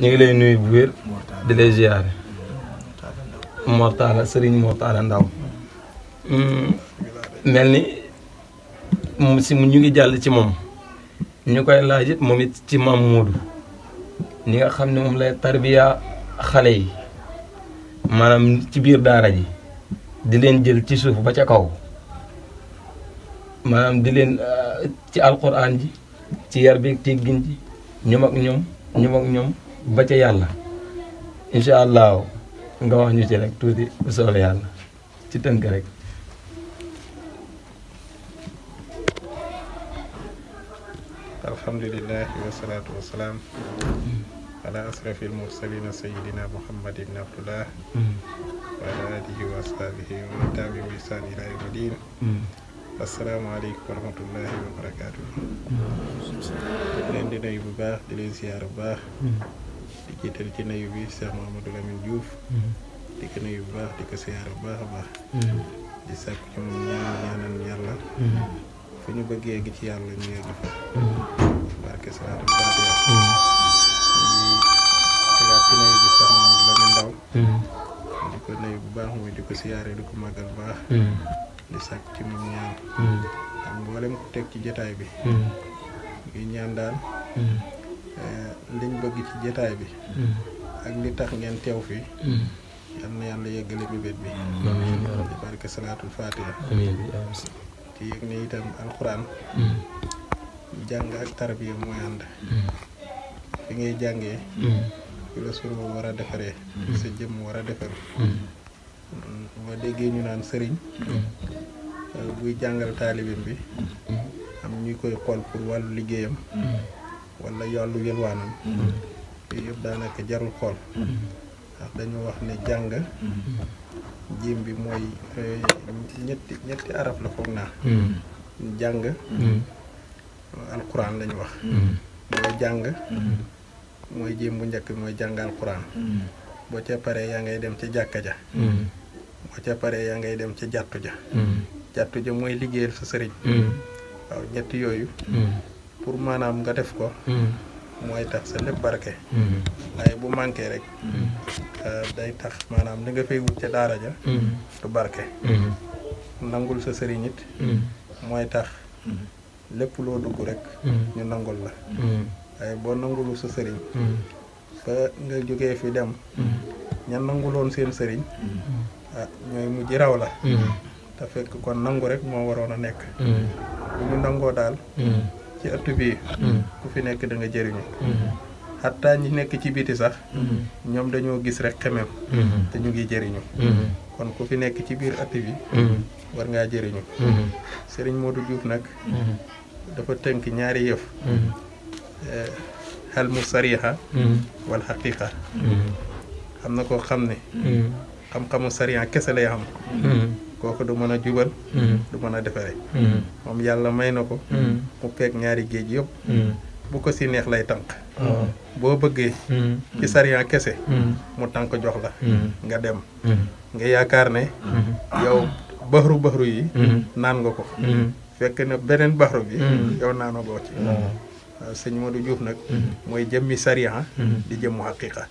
ñu ngi lay nuyu bu wér di lay ziare Mortala Serigne Mortala Ndaw hmm, mel ni mu si ñu ngi jàll ci moom ñu koy laaj it moom it ci maam Moodu ñi nga xam ne moom lay tarbiya xale yi maanaam ci biir daara ji di leen jël ci suuf ba ca kaw maanaam di leen ah, ci alquran ji ci yar bi teggin ji ñoom ak ñoom ñoom ak ñoom ba ca yàlla incha allah nga wax ñu ci rek tuuti bu soobee yàlla ci tënk rek. alhamdulillah wa salatu wa salam ala asrafil mursalin sayyidina muhammad ibn abdullah wa ala alihi wa ashabihi wa man tabi'u bi ihsan ila yawmi din asalaamaaleykum wa rahmatullahi wa barakaatu leen di nuyu bu baax di leen ziyaar bu baax di jiital ci nuyu bi Cheikh hmm. Mamadou Lamine Diouf di ko nuyu bu baax di ko siyaare bu baax a baax di sàkk ci moom ñaan ñaanal yàlla fi ñu bëggee gi ci yàlla ñu yegg fa barke salaatu faatiha tegaat ci nuyu bi Cheikh Mamadou Lamine Ndaw di ko nuyu bu baax mooy di ko siyaare di ko màggal baax di sàkk ci moom ñaan ak mboolem ko teg ci jotaay bi ngi ñaan daal liñ bëgg ci jotaay bi hmm. ak li tax ngeen teew fi hmm. hmm. yal na yàlla yeggale mébét bi ci barke salaatul fatiha ci yëg ne itam alquran jàng ak tarbiya mooy ànd fi ngay jàngee fi la sunu war a defaree sa jëmm war a defar ba déggee ñu naan sëriñ euh, buy jàngal taalibim bi am ñuy koy xool pour wàllu liggéeyam wala yollu yelwaanam mm-hmm. yooyu yëpp daanaka jarul xool mm-hmm. ndax dañu wax ne jàng mm-hmm. jiim bi mooy eh, ñetti arab la foog naa jàng alquran lañu wax mooy jàng mooy jiim bu njëkk bi mooy jàng alquran boo ca paree yaa ngay dem ca jàkka ja boo ca paree yaa ngay dem ca jàttu ja jàttu ja mooy liggéeyal sa sëriñ waaw ñetti yooyu pour manam nga def ko moy hmm. tax sa barké hmm ay bu manké rek hmm. day tax manam li nga fay wut ca daara ja hmm. du hmm nangul sa sëriñ hmm moy tax lepp lo dugg rek ñu nangul la ay bo nangul sa sëriñ ba nga joggé fi dem ña nanguloon seen sëriñ ah ñooy raw la da fekk kon nangu rek mo warona nek hmm ñu ci ëtt bii hmm. ku fi nekk danga nga jëriñu xataa hmm. ñi nekk ci biti sax hmm. ñoom dañoo gis rek xemem te ñu ngi jëriñu kon ku fi nekk ci biir ëtt bi war ngaa jëriñu sëriñ du Diouf nag dafa tënk ñaari yëf eh, xel mu sariixa wal xaqiiqa xam na koo xam ne xam-xamu sariixa kese lay xam kooku du mën jubal hmm. du mën defare hmm. mom yalla may nako ko pek hmm. ñaari geej yop bu ko si neex lay tank oh. bo bëggee ci yau bahru mu tank jox la nga dem nga yaakaar ne yow bahru bahru yi nan nga ko fekk ne benen bahru bi yow nanu jem ci ah, sëñ Modou Diouf nak moy jëmmi sariya di jëm haqiqa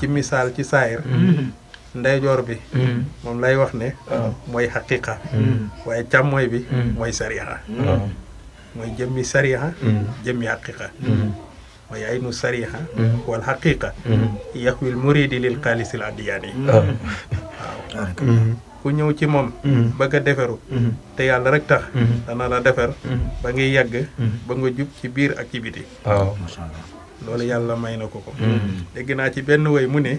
ci misal ci ndeyjoor bi hmm. moom lay wax ne ah. mooy xaqiqa hmm. waaye càmmooy bi hmm. mooy sariha ah. mooy jëmmi sariha jëmmi xaqiqa mooy aynu sariha wal xaqiqa yaxwil muridi lil xaalisil addiyaani waaw ku ñëw ci moom bëgg a deferu te yàlla rek tax dana la defer ba ngay yàgg ba nga jub ci biir ak ci biti loolu yàlla may na ko ko dégg naa ci benn way mu ne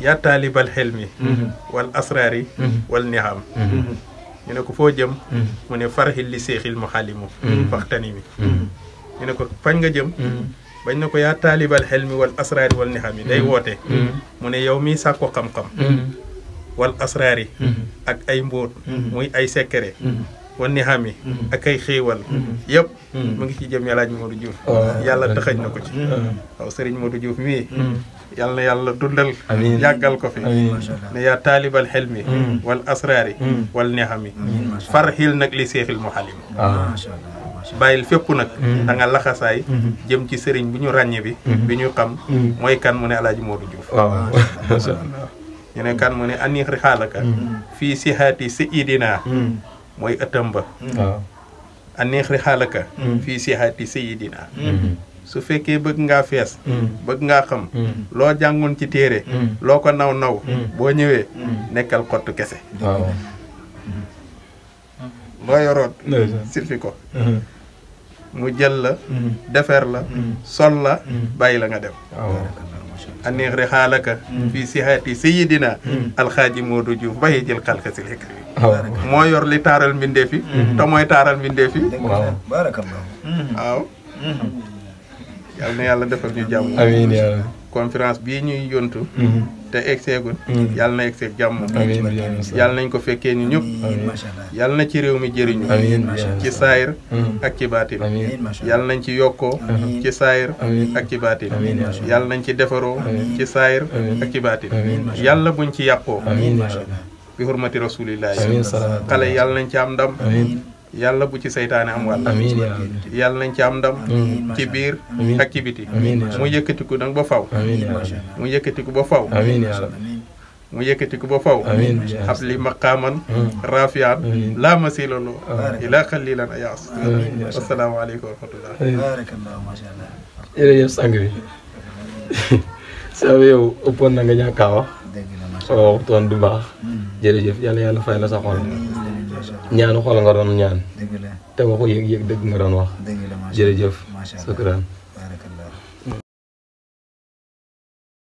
yaa taalibal xelmi wal asraari wal niham ñu ne ko foo jëm mu ne farxil li seexil mu xalimu faxtani mi ñu ne ko fañ nga jëm bañ na ko yaa taalibal xelmi wal asraari wal niham yi day woote mu ne yow mii sàkko xam-xam wal asraari ak ay mbóot muy ay sekkere wa nihaami mm-hmm. ak ay xéewal mm-hmm. yëpp mm-hmm. mu ngi ci jëm yàlla ñu Modou Diouf oh. yàlla taxañ na ko ci waaw Serigne Modou Diouf mii yàlla na yàlla dundal yàggal ko fi ne yaa taalibal xelmi wal asraari wal nihaami farxil nag li seexil muhalim ah. bàyyil fépp nag da nga laxasaay jëm ci sëriñ bi ñu ràññe bi bi ñu xam mooy kan mu ne alaaji Modou Diouf ñu ne kan mu ne aniix xaalaka fii sihaati sayidina mooy ëttam ba mm. aneex ri xaalaka mm. fii sixaati sayidina mm. su fekkee bëgg ngaa fees bëgg ngaa xam loo jàngoon ci téere loo ko naw naw boo ñëwee nekkal xottu kese loo yoroon sirfi ko mm-hmm. mu jël la mm-hmm. defer la mm-hmm. sol la bàyyi la nga dem أن يغرق لك في سهات سيدنا الخاجي مودو جوف باي جيل خلق سي لك مو يور لي تارال منديفي تا موي تارال منديفي بارك الله yal na yàlla defal ñu jàmm. amiin yàlla. bii ñuy jont mhm. te egg seegul. Mhm. yal na egg seeg jàmm. amiin yal nañ ko fekkee ñu ñëpp. amiin na ci réew mi jëriñu. amiin ci saayir. Mhm. ak ci baatin. yàlla yal nañ ci yokkoo. ci saayir. ak ci baatin. amiin yal nañ ci defaroo. ci saayir. ak ci yàlla buñ ci yàqoo. amiin bi hurmati rasulillahi. nañ ci am ndam. yàlla bu ci seytaane am wàll yàlla nañ ci am ndam ci biir ak ci biti mu yëkkatiku nag ba faw mu yëkkatiku ba faw mu yëkkati ko ba faw ab li maqaaman hmm. raafiyaan laa masila loo ilaa xalilan ayaas assalaamu aleykum wa rahmatullah jërëjëf nga ñàkkaa wax waaw waxtoon du baax hmm. jërëjëf yàlla yàlla fay la sa ñaanu xol nga doon ñaan te waxu yëg-yëg dëgg nga doon wax jërëjëf sukkuraan